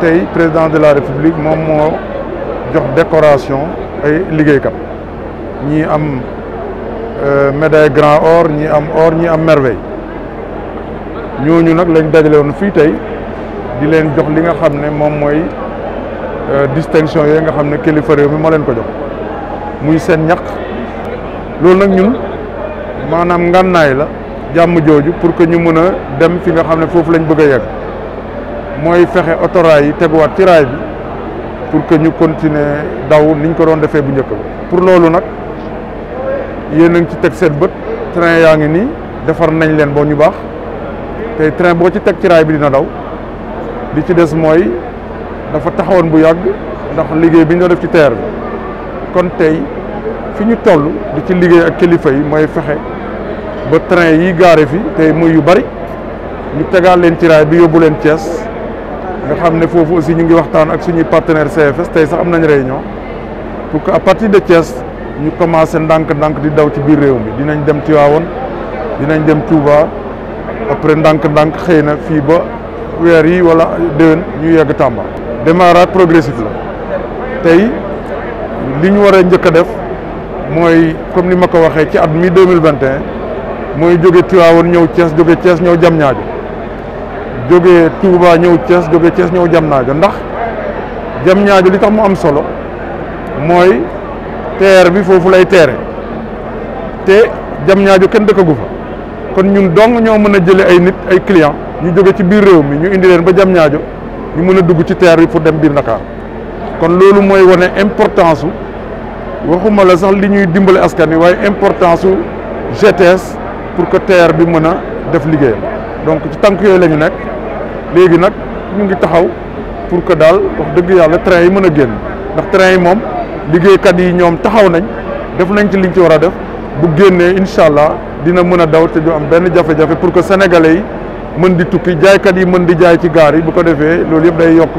tey président de la république moom moo jox décoration ay liggéeykat ñi am euh, médaille grand or ñi am or ñi am merveille ñooñu nag lañ dajale woon fii tey di leen jox li nga xam ne moom mooy euh, distinction yooyu nga xam ne kilifa réew mi moo leen ko jox muy seen ñaq loolu nag ñun maanaam ngànnaay la jàmm jooju pour que ñu mën dem fi nga xam ne foofu lañ bëgg a mooy fexe autorail yi teguwaat ci raay bi pour que ñu continuer daw niñ ko doon defee bu njëkk ba pour loolu nag yéen a ngi ci teg seet bët train yaa ngi nii defar nañ leen boo ñu baax te train boo ci teg ci raay bi dina daw li ci des mooy dafa taxawoon bu yàgg ndax liggéey bi ñu doon def ci teer bi kon tey fi ñu toll di ci liggéey ak kilifa yi mooy fexe ba train yi gaare fi tey muy yu bari ñu tegaat leen ci raay bi yóbbu leen Thiès nga xamné fofu aussi ñu ngi waxtaan ak suñuy partenaire CFS tay sax am nañ réunion pour que à partir de Thiès ñu commencé ndank ndank di daw ci biir réew mi dinañ dem Tivaouane dinañ dem Touba après ndank ndank xeyna fi ba weer yi wala deun ñu yegg Tamba. démarrage progressif la tay li ñu war ñëk def moy comme ni mako waxé ci at mi 2021 moy joggé Tivaouane ñëw Thiès joggé Thiès ñëw Jamñaaju joge Touba ñew ties joge ties ñew jam naajo ndax jam ñaajo li tax mu am solo moy terre bi fofu lay terre te jam ñaajo kenn dëkkagu fa kon ñun dong ñoo mëna jël ay nit ay client ñu joge ci biir réew mi ñu indi leen ba jam ñu mëna dugg ci terre bi fu dem biir nakar kon loolu moy woné importance waxuma la sax li ñuy dimbale askan wi way importance GTS pour que terre bi mëna def liggéeyam donc ci tank yoy lañu nek léegi nag mu ngi taxaw pour que daal wax dëgg yàlla train yi mën a génn ndax train yi moom liggéeykat yi ñoom taxaw nañ def nañ ci liñ ci war a def bu génnee incha allah dina mën a daw te du am benn jafe-jafe pour que sénégalais yi mën di tukki jaaykat yi mën di jaay ci gaar yi bu ko defee loolu yëpp day yokk